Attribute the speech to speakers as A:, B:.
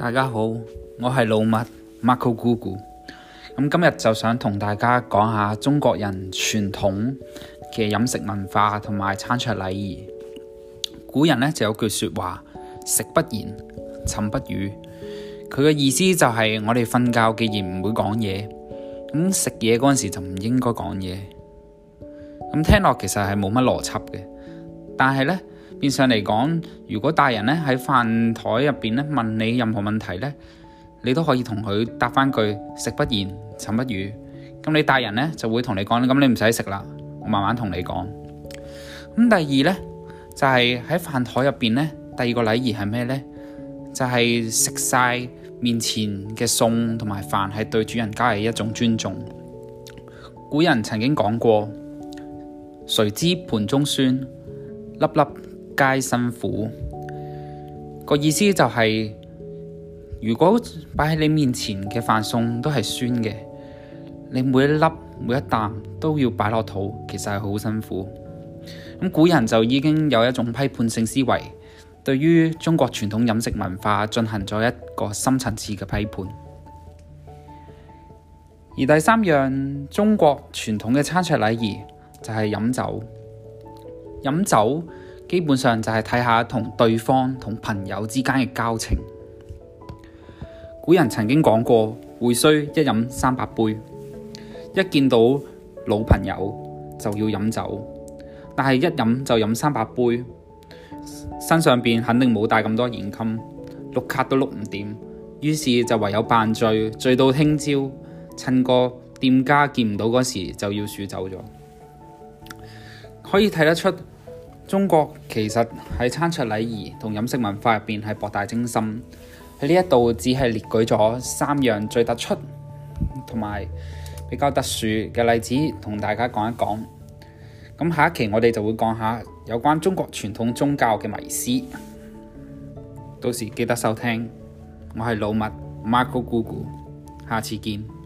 A: 大家好，我係老麥 Marco Gugu。咁今日就想同大家講下中國人傳統嘅飲食文化同埋餐桌禮儀。古人呢就有句說話：食不言，寢不語。佢嘅意思就係我哋瞓覺既然唔會講嘢，咁食嘢嗰陣時就唔應該講嘢。咁聽落其實係冇乜邏輯嘅，但係呢。變相嚟講，如果大人咧喺飯枱入邊咧問你任何問題咧，你都可以同佢答返句食不言，寢不語。咁你大人咧就會同你講，咁你唔使食啦，我慢慢同你講。咁第二咧就係、是、喺飯枱入邊咧，第二個禮儀係咩咧？就係食晒面前嘅餸同埋飯，係對主人家嘅一種尊重。古人曾經講過，誰知盤中酸粒粒。皆辛苦個意思就係、是，如果擺喺你面前嘅飯餸都係酸嘅，你每一粒每一啖都要擺落肚，其實係好辛苦。咁古人就已經有一種批判性思維，對於中國傳統飲食文化進行咗一個深層次嘅批判。而第三樣中國傳統嘅餐桌禮儀就係、是、飲酒，飲酒。基本上就係睇下同對方同朋友之間嘅交情。古人曾經講過，會須一飲三百杯。一見到老朋友就要飲酒，但係一飲就飲三百杯，身上邊肯定冇帶咁多現金，碌卡都碌唔掂，於是就唯有扮醉，醉到聽朝，趁個店家見唔到嗰時就要數走咗。可以睇得出。中國其實喺餐桌禮儀同飲食文化入邊係博大精深。喺呢一度只係列舉咗三樣最突出同埋比較特殊嘅例子，同大家講一講。咁下一期我哋就會講下有關中國傳統宗教嘅迷思。到時記得收聽。我係老麥 Marco 姑姑，下次見。